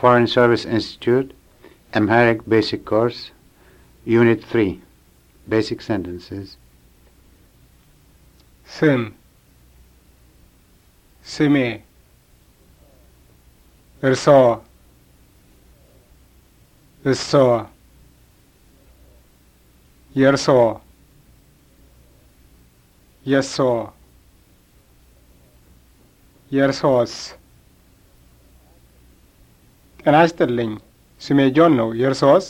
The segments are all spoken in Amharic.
Foreign Service Institute, Amharic Basic Course, Unit 3, Basic Sentences. سم سمع ارساء الساء يرسى يسوع Yersos. ጤና ይስጥልኝ። ስሜ ጆን ነው። የእርስዎስ?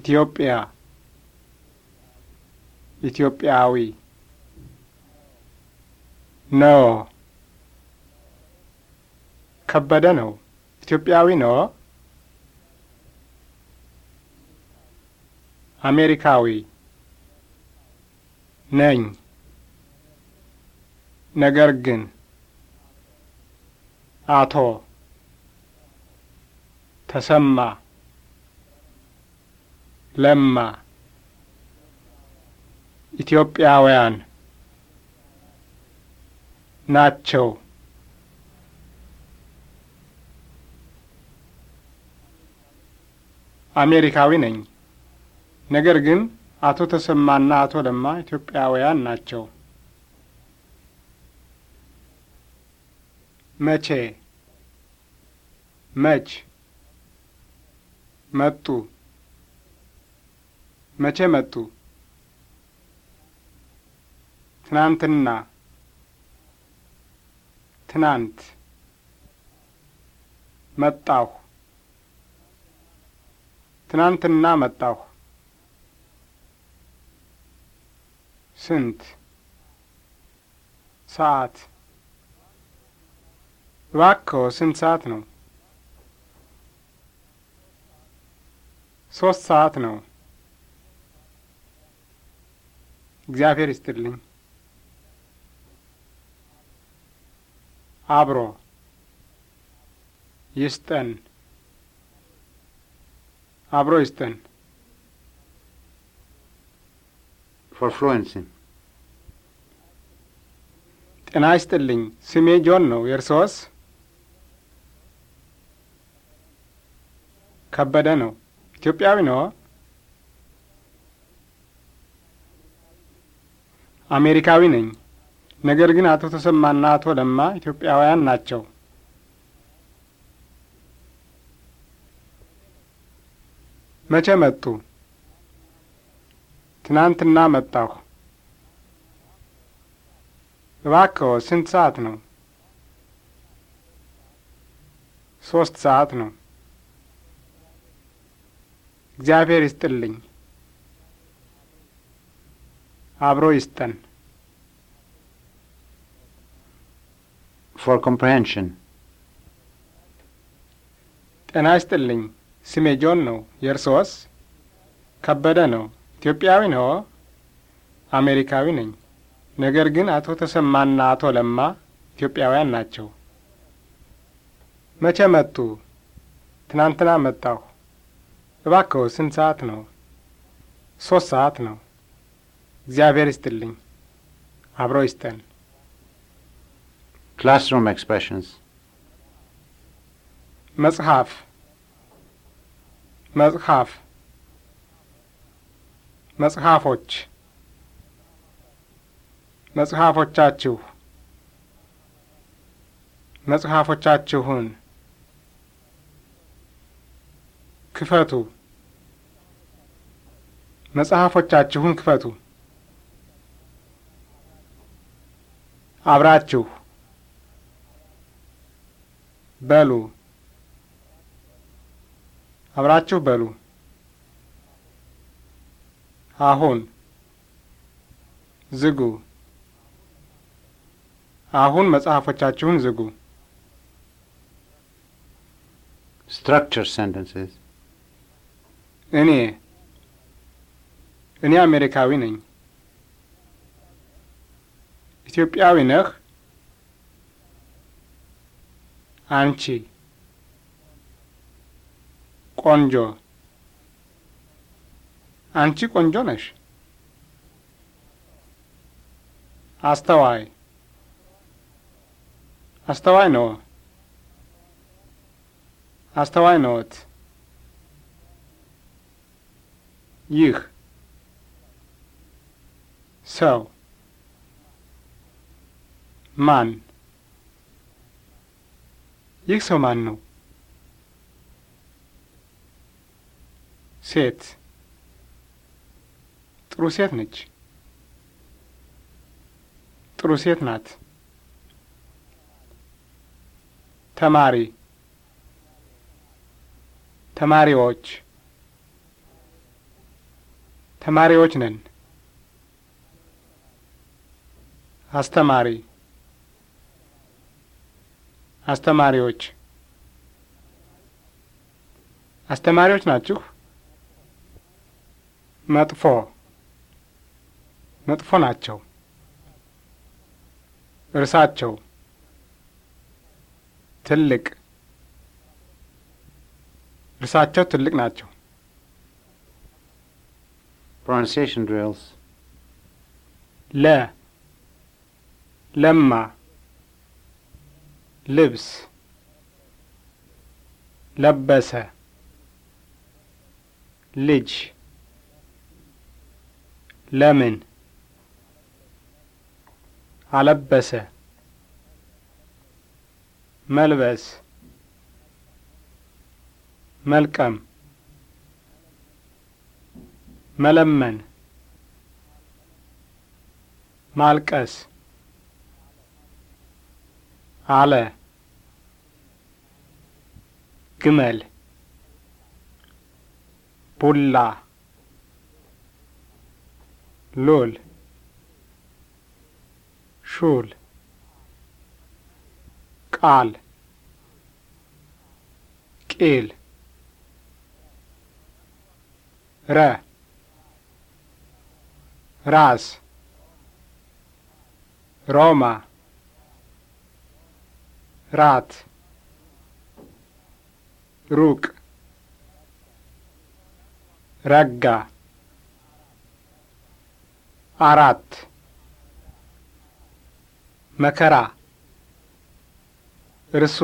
ኢትዮጵያ፣ ኢትዮጵያዊ ነው። ከበደ ነው። ኢትዮጵያዊ ነው። አሜሪካዊ ነኝ። ነገር ግን አቶ ተሰማ ለማ ኢትዮጵያውያን ናቸው። አሜሪካዊ ነኝ። ነገር ግን አቶ ተሰማና አቶ ለማ ኢትዮጵያውያን ናቸው። መቼ መች መጡ መቼ መጡ ትናንትና ትናንት መጣሁ ትናንትና መጣሁ ስንት ሰዓት እባክዎ ስንት ሰዓት ነው? ሶስት ሰዓት ነው። እግዚአብሔር ይስጥልኝ። አብሮ ይስጠን። አብሮ ይስጠን። ፎርፍሉዌንስን ጤና ይስጥልኝ። ስሜ ጆን ነው። የእርስዎስ? ከበደ ነው። ኢትዮጵያዊ ነው? አሜሪካዊ ነኝ። ነገር ግን አቶ ተሰማና አቶ ለማ ኢትዮጵያውያን ናቸው። መቼ መጡ? ትናንትና መጣሁ። እባክዎ ስንት ሰዓት ነው? ሶስት ሰዓት ነው። እግዚአብሔር ይስጥልኝ። አብሮ ይስጠን። ፎር comprehension ጤና ይስጥልኝ። ስሜ ጆን ነው። የእርስዎስ? ከበደ ነው። ኢትዮጵያዊ ነው? አሜሪካዊ ነኝ። ነገር ግን አቶ ተሰማና አቶ ለማ ኢትዮጵያውያን ናቸው። መቼ መጡ? ትናንትና መጣሁ። እባክዎ ስንት ሰዓት ነው? ሶስት ሰዓት ነው። እግዚአብሔር ይስጥልኝ። አብሮ ይስጠን። ክላስሩም ኤክስፕሬሽንስ መጽሐፍ መጽሐፍ መጽሐፎች መጽሐፎቻችሁ መጽሐፎቻችሁን ክፈቱ። መጽሐፎቻችሁን ክፈቱ። አብራችሁ በሉ። አብራችሁ በሉ። አሁን ዝጉ። አሁን መጽሐፎቻችሁን ዝጉ። structure sentences እኔ እኔ አሜሪካዊ ነኝ። ኢትዮጵያዊ ነህ? አንቺ ቆንጆ አንቺ ቆንጆ ነሽ። አስተዋይ አስተዋይ ነው። አስተዋይ ነዎት። ይህ ሰው ማን? ይህ ሰው ማን ነው? ሴት ጥሩ ሴት ነች። ጥሩ ሴት ናት። ተማሪ ተማሪዎች ተማሪዎች ነን። አስተማሪ አስተማሪዎች አስተማሪዎች ናችሁ። መጥፎ መጥፎ ናቸው። እርሳቸው ትልቅ እርሳቸው ትልቅ ናቸው። pronunciation drills. لا لما لبس لبس لج لمن علبس ملبس ملكم መለመን ማልቀስ አለ ግመል ቡላ ሎል ሹል ቃል ቂል ረ ራስ ሮማ ራት ሩቅ ረጋ አራት መከራ እርሱ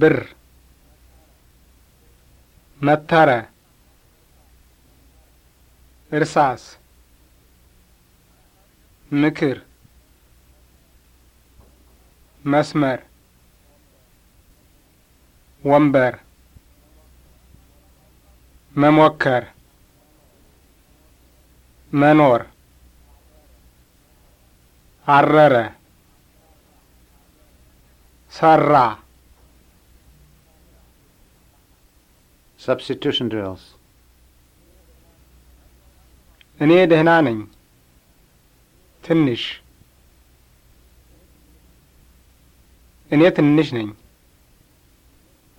ብር መተረ እርሳስ ምክር መስመር ወንበር መሞከር መኖር አረረ ሰራ Substitution drills. እኔ ደህና ነኝ። ትንሽ እኔ ትንሽ ነኝ።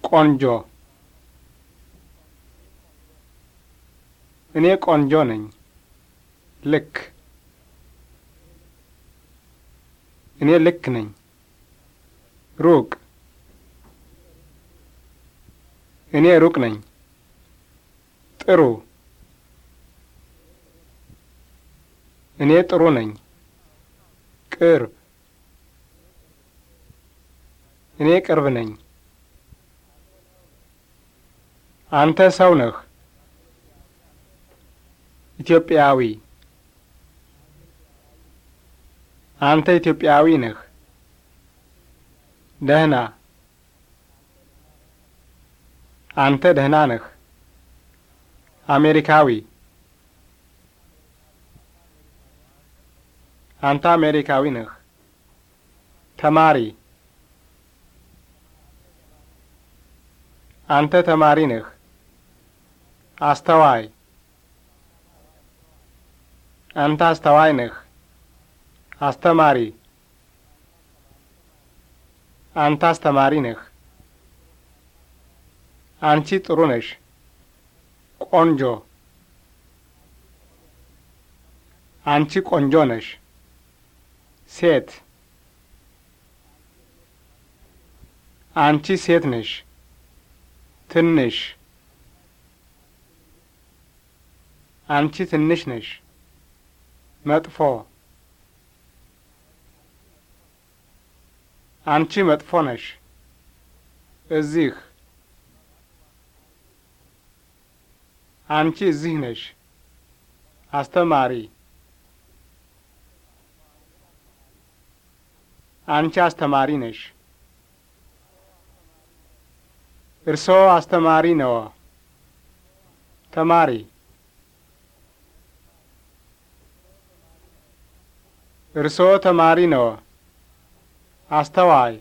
ቆንጆ እኔ ቆንጆ ነኝ። ልክ እኔ ልክ ነኝ። ሩቅ እኔ ሩቅ ነኝ። ጥሩ እኔ ጥሩ ነኝ። ቅርብ እኔ ቅርብ ነኝ። አንተ ሰው ነህ። ኢትዮጵያዊ አንተ ኢትዮጵያዊ ነህ። ደህና አንተ ደህና ነህ። አሜሪካዊ አንተ አሜሪካዊ ነህ። ተማሪ አንተ ተማሪ ነህ። አስተዋይ አንተ አስተዋይ ነህ። አስተማሪ አንተ አስተማሪ ነህ። አንቺ ጥሩ ነሽ። ቆንጆ አንቺ ቆንጆ ነሽ። ሴት አንቺ ሴት ነሽ። ትንሽ አንቺ ትንሽ ነሽ። መጥፎ አንቺ መጥፎ ነሽ። እዚህ አንቺ እዚህ ነሽ። አስተማሪ አንቺ አስተማሪ ነሽ። እርስዎ አስተማሪ ነው ተማሪ እርስዎ ተማሪ ነው አስተዋይ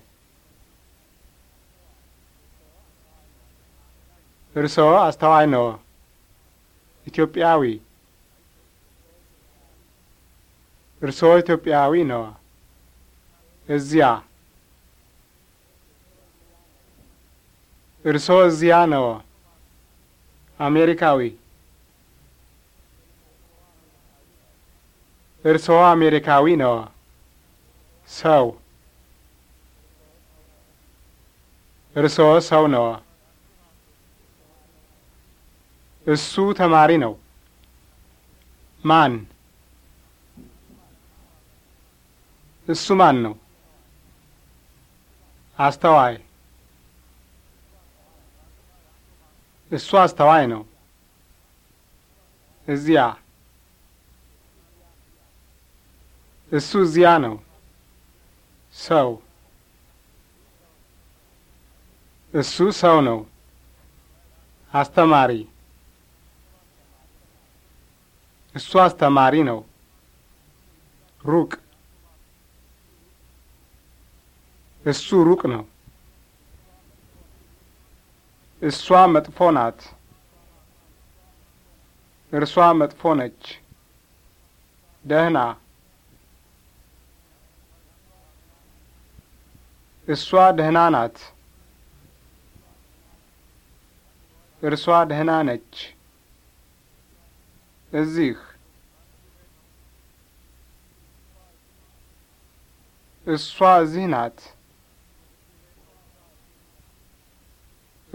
እርስዎ አስተዋይ ነው። ኢትዮጵያዊ እርስዎ ኢትዮጵያዊ ነው። እዚያ እርሶ እዚያ ነው። አሜሪካዊ እርሶ አሜሪካዊ ነው። ሰው እርሶ ሰው ነው። እሱ ተማሪ ነው። ማን? እሱ ማን ነው? አስተዋይ እሱ አስተዋይ ነው። እዚያ እሱ እዚያ ነው። ሰው እሱ ሰው ነው። አስተማሪ እሱ አስተማሪ ነው። ሩቅ እሱ ሩቅ ነው። እሷ መጥፎ ናት። እርሷ መጥፎ ነች። ደህና እሷ ደህና ናት። እርሷ ደህና ነች። እዚህ እሷ እዚህ ናት።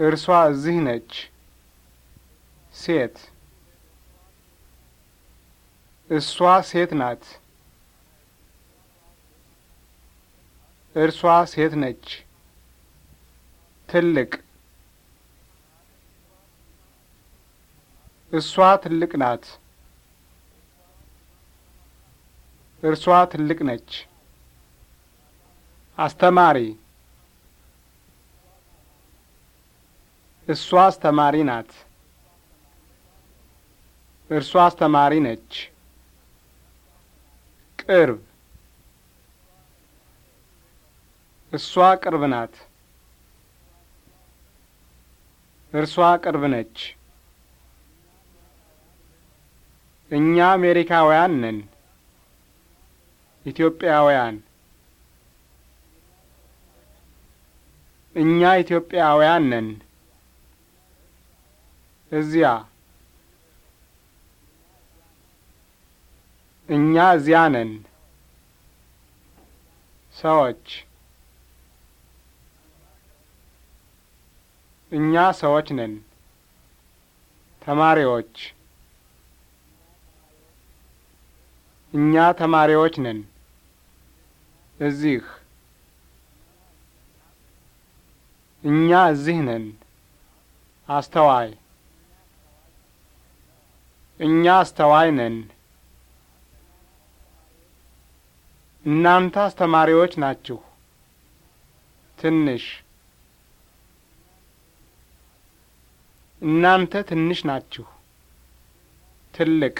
እርሷ እዚህ ነች። ሴት እሷ ሴት ናት። እርሷ ሴት ነች። ትልቅ እሷ ትልቅ ናት። እርሷ ትልቅ ነች። አስተማሪ እሷ አስተማሪ ናት። እርሷ አስተማሪ ነች። ቅርብ እሷ ቅርብ ናት። እርሷ ቅርብ ነች። እኛ አሜሪካውያን ነን። ኢትዮጵያውያን እኛ ኢትዮጵያውያን ነን። እዚያ እኛ እዚያ ነን። ሰዎች እኛ ሰዎች ነን። ተማሪዎች እኛ ተማሪዎች ነን። እዚህ እኛ እዚህ ነን። አስተዋይ እኛ አስተዋይ ነን። እናንተ አስተማሪዎች ናችሁ። ትንሽ እናንተ ትንሽ ናችሁ። ትልቅ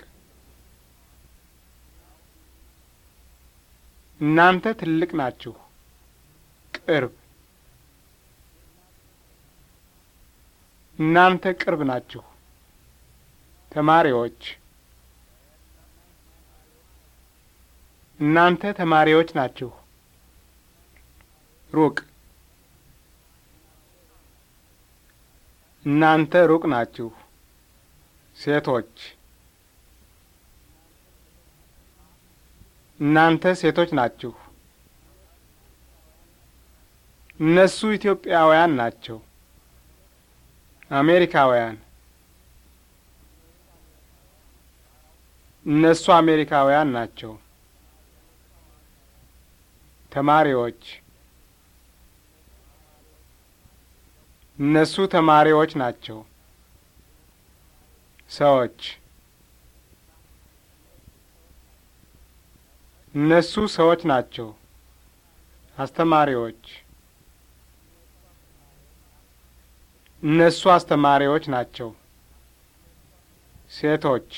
እናንተ ትልቅ ናችሁ። ቅርብ እናንተ ቅርብ ናችሁ። ተማሪዎች እናንተ ተማሪዎች ናችሁ። ሩቅ እናንተ ሩቅ ናችሁ። ሴቶች እናንተ ሴቶች ናችሁ። እነሱ ኢትዮጵያውያን ናቸው። አሜሪካውያን እነሱ አሜሪካውያን ናቸው። ተማሪዎች እነሱ ተማሪዎች ናቸው። ሰዎች እነሱ ሰዎች ናቸው። አስተማሪዎች እነሱ አስተማሪዎች ናቸው። ሴቶች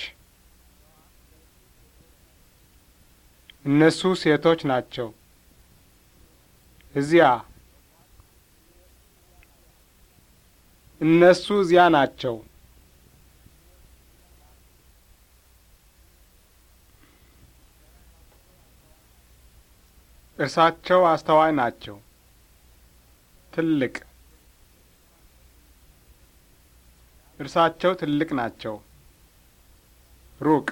እነሱ ሴቶች ናቸው። እዚያ እነሱ እዚያ ናቸው። እርሳቸው አስተዋይ ናቸው። ትልቅ እርሳቸው ትልቅ ናቸው። ሩቅ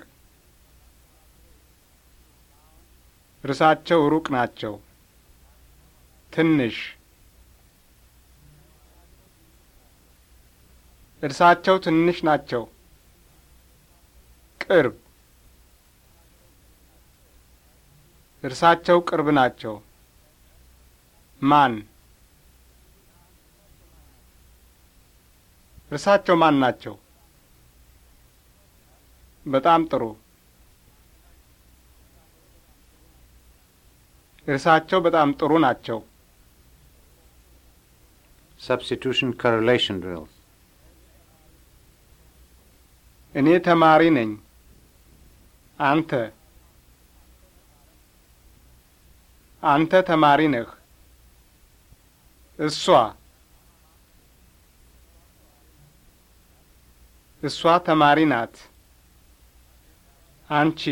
ርሳቸው ሩቅ ናቸው። ትንሽ እርሳቸው ትንሽ ናቸው። ቅርብ እርሳቸው ቅርብ ናቸው። ማን እርሳቸው ማን ናቸው? በጣም ጥሩ እርሳቸው በጣም ጥሩ ናቸው። ሰብስቲቱሽን correlation drills. እኔ ተማሪ ነኝ። አንተ አንተ ተማሪ ነህ። እሷ እሷ ተማሪ ናት። አንቺ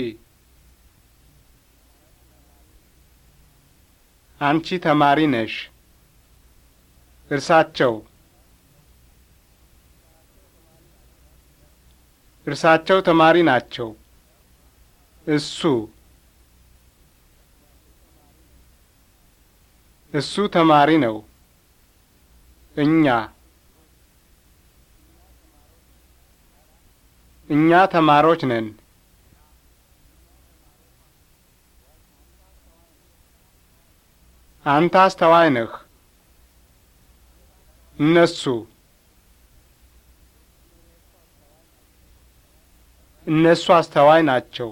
አንቺ ተማሪ ነሽ። እርሳቸው እርሳቸው ተማሪ ናቸው። እሱ እሱ ተማሪ ነው። እኛ እኛ ተማሪዎች ነን። አንተ አስተዋይ ነህ። እነሱ እነሱ አስተዋይ ናቸው።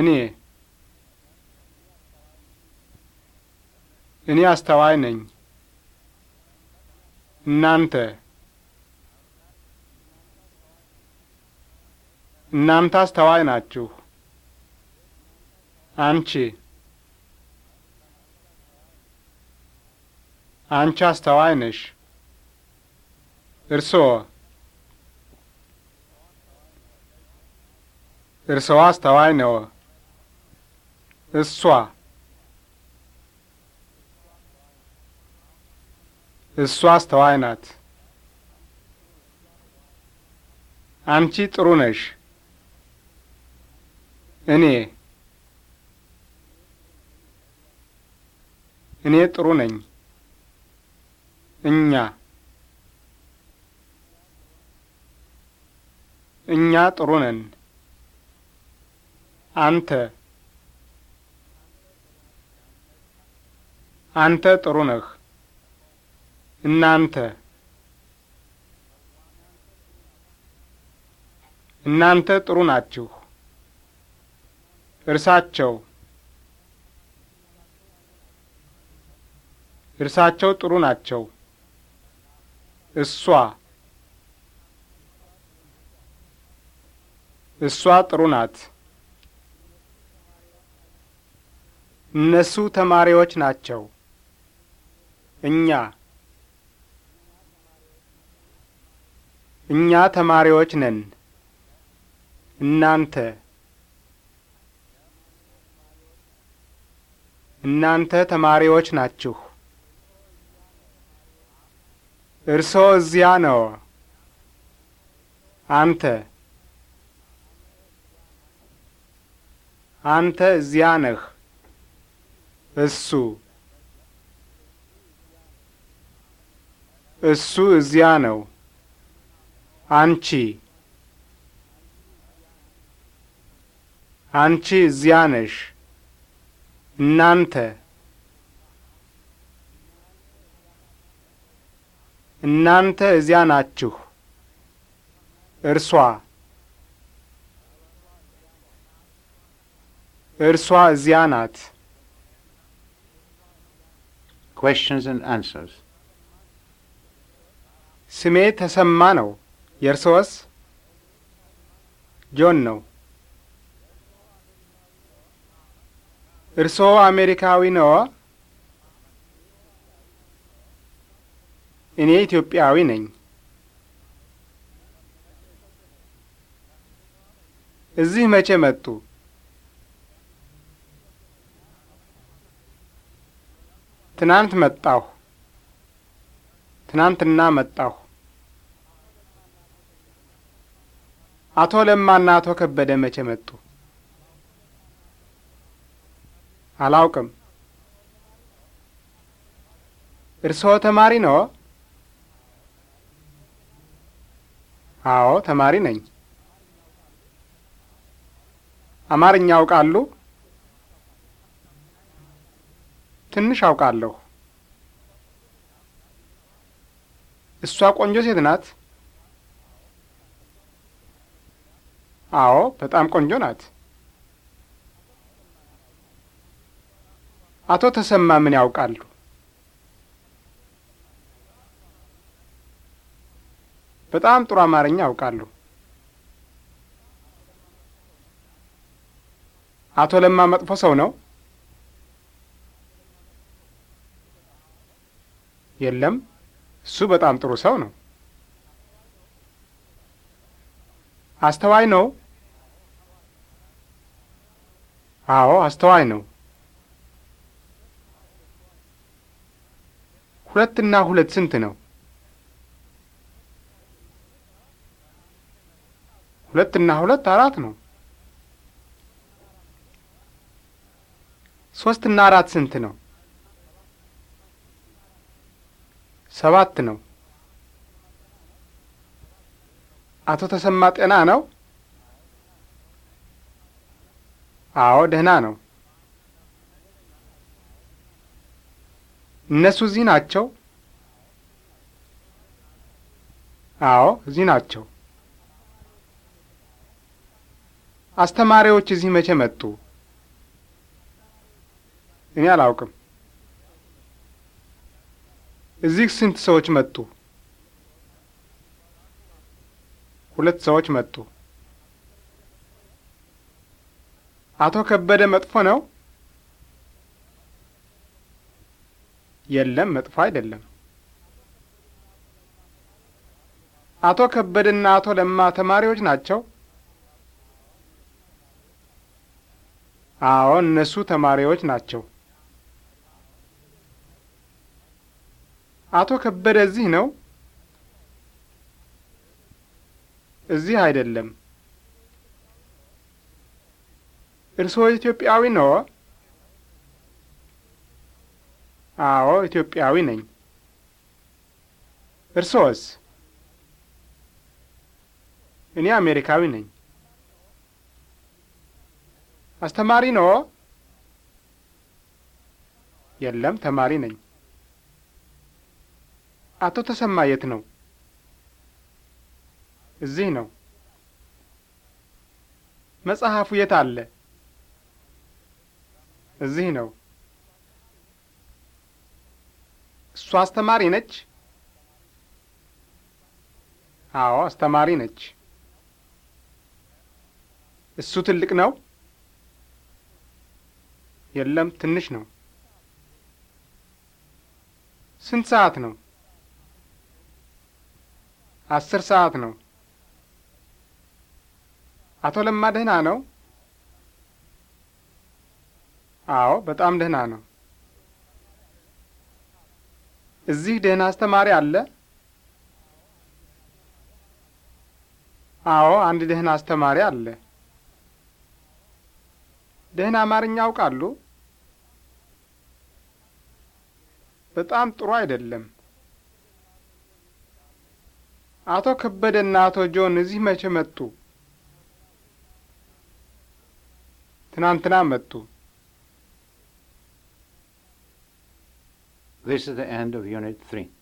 እኔ እኔ አስተዋይ ነኝ። እናንተ እናንተ አስተዋይ ናችሁ። አንቺ አንቺ አስተዋይ ነሽ። እርስዎ እርስዋ አስተዋይ ነው። እሷ እሷ አስተዋይ ናት። አንቺ ጥሩ ነሽ። እኔ እኔ ጥሩ ነኝ። እኛ እኛ ጥሩ ነን። አንተ አንተ ጥሩ ነህ። እናንተ እናንተ ጥሩ ናችሁ። እርሳቸው እርሳቸው ጥሩ ናቸው። እሷ እሷ ጥሩ ናት። እነሱ ተማሪዎች ናቸው። እኛ እኛ ተማሪዎች ነን። እናንተ እናንተ ተማሪዎች ናችሁ። እርሶ እዚያ ነው። አንተ አንተ እዚያ ነህ። እሱ እሱ እዚያ ነው። አንቺ አንቺ እዚያ ነሽ። እናንተ እናንተ እዚያ ናችሁ። እርሷ እርሷ እዚያ ናት። questions and answers ስሜ ተሰማ ነው። የእርስዎስ? ጆን ነው። እርስዎ አሜሪካዊ ነው? እኔ ኢትዮጵያዊ ነኝ። እዚህ መቼ መጡ? ትናንት መጣሁ። ትናንትና መጣሁ። አቶ ለማና አቶ ከበደ መቼ መጡ? አላውቅም። እርስዎ ተማሪ ነው? አዎ ተማሪ ነኝ። አማርኛ ያውቃሉ? ትንሽ አውቃለሁ። እሷ ቆንጆ ሴት ናት? አዎ በጣም ቆንጆ ናት። አቶ ተሰማ ምን ያውቃሉ? በጣም ጥሩ አማርኛ ያውቃሉ። አቶ ለማ መጥፎ ሰው ነው? የለም፣ እሱ በጣም ጥሩ ሰው ነው። አስተዋይ ነው? አዎ፣ አስተዋይ ነው። ሁለትና ሁለት ስንት ነው? እና ሁለት አራት ነው። ሶስት እና አራት ስንት ነው? ሰባት ነው። አቶ ተሰማ ጤና ነው? አዎ ደህና ነው። እነሱ እዚህ ናቸው? አዎ እዚህ ናቸው። አስተማሪዎች እዚህ መቼ መጡ? እኔ አላውቅም። እዚህ ስንት ሰዎች መጡ? ሁለት ሰዎች መጡ። አቶ ከበደ መጥፎ ነው? የለም፣ መጥፎ አይደለም። አቶ ከበደና አቶ ለማ ተማሪዎች ናቸው? አዎ እነሱ ተማሪዎች ናቸው። አቶ ከበደ እዚህ ነው? እዚህ አይደለም። እርስዎ ኢትዮጵያዊ ነው? አዎ ኢትዮጵያዊ ነኝ። እርስዎስ? እኔ አሜሪካዊ ነኝ። አስተማሪ ነው? የለም ተማሪ ነኝ። አቶ ተሰማ የት ነው? እዚህ ነው። መጽሐፉ የት አለ? እዚህ ነው። እሷ አስተማሪ ነች? አዎ አስተማሪ ነች። እሱ ትልቅ ነው? የለም ትንሽ ነው። ስንት ሰዓት ነው? አስር ሰዓት ነው። አቶ ለማ ደህና ነው? አዎ፣ በጣም ደህና ነው። እዚህ ደህና አስተማሪ አለ? አዎ፣ አንድ ደህና አስተማሪ አለ። ደህና አማርኛ ያውቃሉ? በጣም ጥሩ አይደለም። አቶ ከበደና አቶ ጆን እዚህ መቼ መጡ? ትናንትና መጡ። This is the end of Unit 3.